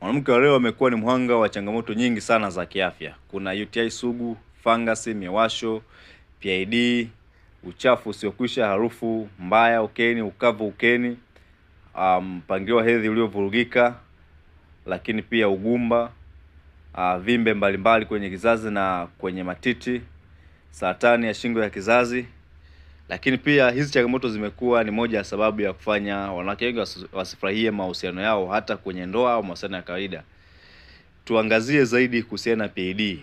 Mwanamke wa leo amekuwa ni mhanga wa changamoto nyingi sana za kiafya. Kuna UTI sugu, fangasi, miwasho, PID, uchafu usiokwisha, harufu mbaya ukeni, ukavu ukeni, um, mpangilio um, wa hedhi uliovurugika, lakini pia ugumba, uh, vimbe mbalimbali kwenye kizazi na kwenye matiti, saratani ya shingo ya kizazi. Lakini pia hizi changamoto zimekuwa ni moja ya sababu ya kufanya wanawake wengi wasifurahie mahusiano yao hata kwenye ndoa au mahusiano ya kawaida. Tuangazie zaidi kuhusiana na PID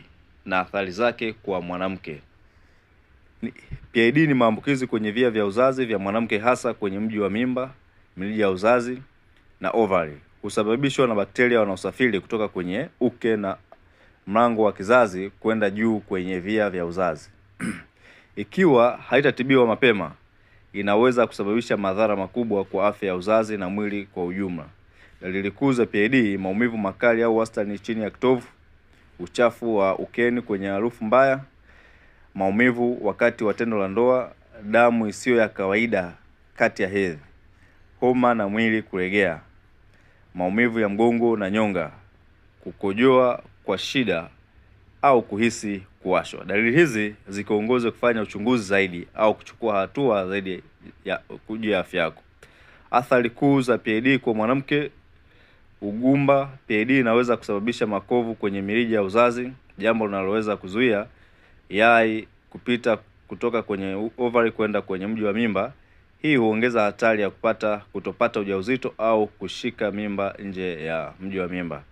na athari zake kwa mwanamke. PID ni maambukizi kwenye via vya uzazi vya mwanamke hasa kwenye mji wa mimba, mirija ya uzazi na ovary. Husababishwa na bakteria wanaosafiri kutoka kwenye uke na mlango wa kizazi kwenda juu kwenye via vya uzazi. Ikiwa haitatibiwa mapema, inaweza kusababisha madhara makubwa kwa afya ya uzazi na mwili kwa ujumla. Dalili kuu za PID: maumivu makali au wastani chini ya kitovu, uchafu wa ukeni kwenye harufu mbaya, maumivu wakati wa tendo la ndoa, damu isiyo ya kawaida kati ya hedhi, homa na mwili kulegea, maumivu ya mgongo na nyonga, kukojoa kwa shida au kuhisi kuwashwa. Dalili hizi zikiongozwa kufanya uchunguzi zaidi au kuchukua hatua zaidi ya juu ya afya yako. Athari kuu za PID kwa mwanamke: ugumba. PID inaweza kusababisha makovu kwenye mirija ya uzazi, jambo linaloweza kuzuia yai kupita kutoka kwenye ovary kwenda kwenye mji wa mimba. Hii huongeza hatari ya kupata kutopata ujauzito au kushika mimba nje ya mji wa mimba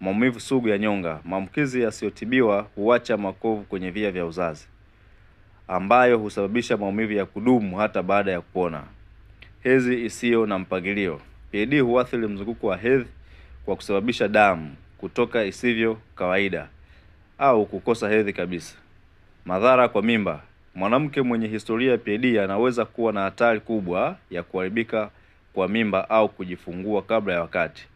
maumivu sugu ya nyonga. Maambukizi yasiyotibiwa huacha makovu kwenye via vya uzazi ambayo husababisha maumivu ya kudumu hata baada ya kupona. Hedhi isiyo na mpangilio. PID huathiri mzunguko wa hedhi kwa kusababisha damu kutoka isivyo kawaida au kukosa hedhi kabisa. Madhara kwa mimba. Mwanamke mwenye historia ya PID anaweza kuwa na hatari kubwa ya kuharibika kwa mimba au kujifungua kabla ya wakati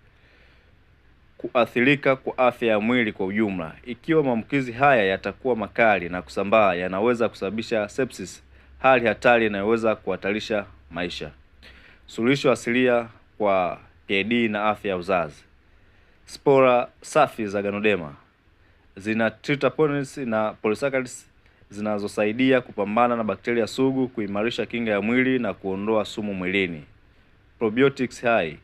kuathirika kwa afya ya mwili kwa ujumla. Ikiwa maambukizi haya yatakuwa makali na kusambaa, yanaweza kusababisha sepsis, hali hatari inayoweza kuhatarisha maisha. Suluhisho asilia kwa PID na afya ya uzazi. Spora safi za Ganoderma zina triterpenes na polysaccharides zinazosaidia kupambana na bakteria sugu, kuimarisha kinga ya mwili na kuondoa sumu mwilini. Probiotics hai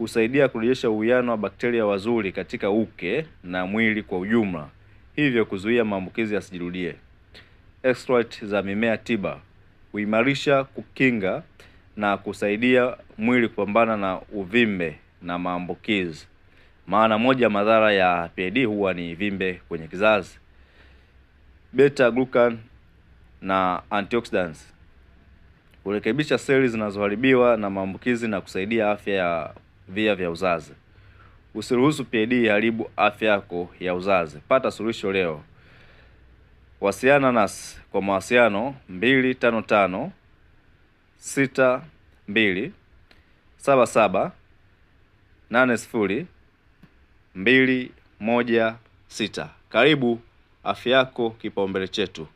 husaidia kurejesha uwiano wa bakteria wazuri katika uke na mwili kwa ujumla, hivyo kuzuia maambukizi yasijirudie. Extract za mimea tiba huimarisha kukinga na kusaidia mwili kupambana na uvimbe na maambukizi. Maana moja ya madhara ya PID huwa ni vimbe kwenye kizazi. Beta glucan na antioxidants hurekebisha seli zinazoharibiwa na maambukizi na kusaidia afya ya via vya uzazi. Usiruhusu PID haribu afya yako ya uzazi. Pata suluhisho leo. Wasiliana nasi kwa mawasiliano 255 62 77 80 216. Karibu, afya yako kipaumbele chetu.